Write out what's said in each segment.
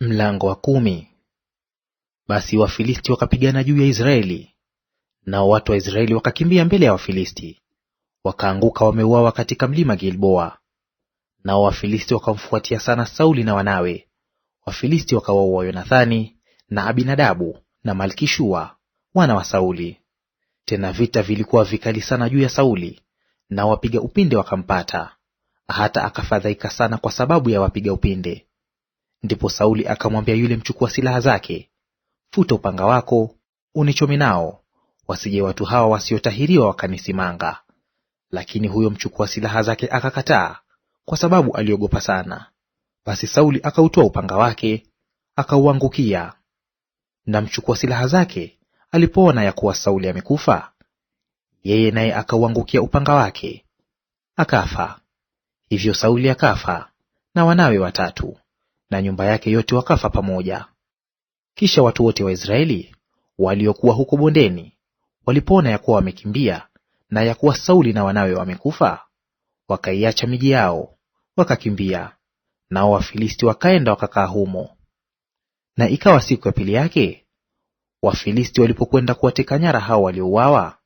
Mlango wa kumi. Basi Wafilisti wakapigana juu ya Israeli, nao watu wa Israeli wakakimbia mbele ya Wafilisti, wakaanguka wameuawa katika mlima Gilboa. Nao Wafilisti wakamfuatia sana Sauli na wanawe. Wafilisti wakawaua Yonathani na Abinadabu na Malkishua wana wa Sauli. Tena vita vilikuwa vikali sana juu ya Sauli, na wapiga upinde wakampata, hata akafadhaika sana kwa sababu ya wapiga upinde Ndipo Sauli akamwambia yule mchukua silaha zake, futa upanga wako unichome nao, wasije watu hawa wasiotahiriwa wakanisimanga. Lakini huyo mchukua silaha zake akakataa, kwa sababu aliogopa sana. Basi Sauli akautoa upanga wake akauangukia. Na mchukua silaha zake alipoona ya kuwa Sauli amekufa, yeye naye akauangukia upanga wake akafa. Hivyo Sauli akafa na wanawe watatu na nyumba yake yote wakafa pamoja. Kisha watu wote wa Israeli waliokuwa huko bondeni walipoona ya kuwa wamekimbia na ya kuwa Sauli na wanawe wamekufa, wakaiacha miji yao wakakimbia, nao Wafilisti wakaenda wakakaa humo. Na ikawa siku ya pili yake, Wafilisti walipokwenda kuwateka nyara hao waliouawa,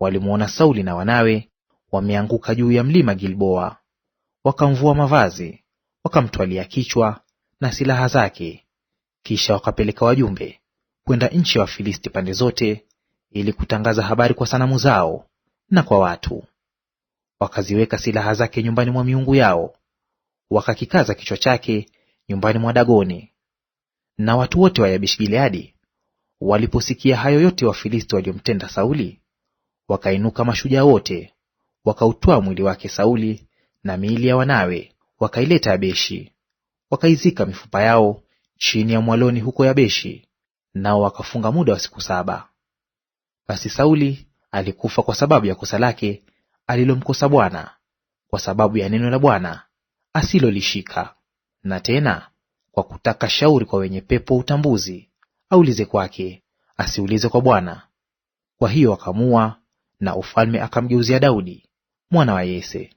walimwona Sauli na wanawe wameanguka juu ya mlima Gilboa, wakamvua mavazi, wakamtwalia kichwa, na silaha zake. Kisha wakapeleka wajumbe kwenda nchi ya wa Wafilisti pande zote, ili kutangaza habari kwa sanamu zao na kwa watu. Wakaziweka silaha zake nyumbani mwa miungu yao, wakakikaza kichwa chake nyumbani mwa Dagoni. Na watu wote wa Yabeshi Gileadi waliposikia hayo yote Wafilisti waliomtenda Sauli, wakainuka mashujaa wote, wakautwaa mwili wake Sauli na miili ya wanawe, wakaileta Yabeshi wakaizika mifupa yao chini ya mwaloni huko Yabeshi, nao wakafunga muda wa siku saba. Basi Sauli alikufa kwa sababu ya kosa lake alilomkosa Bwana, kwa sababu ya neno la Bwana asilolishika, na tena kwa kutaka shauri kwa wenye pepo utambuzi aulize kwake, asiulize kwa Bwana. Kwa hiyo akamua, na ufalme akamgeuzia Daudi mwana wa Yese.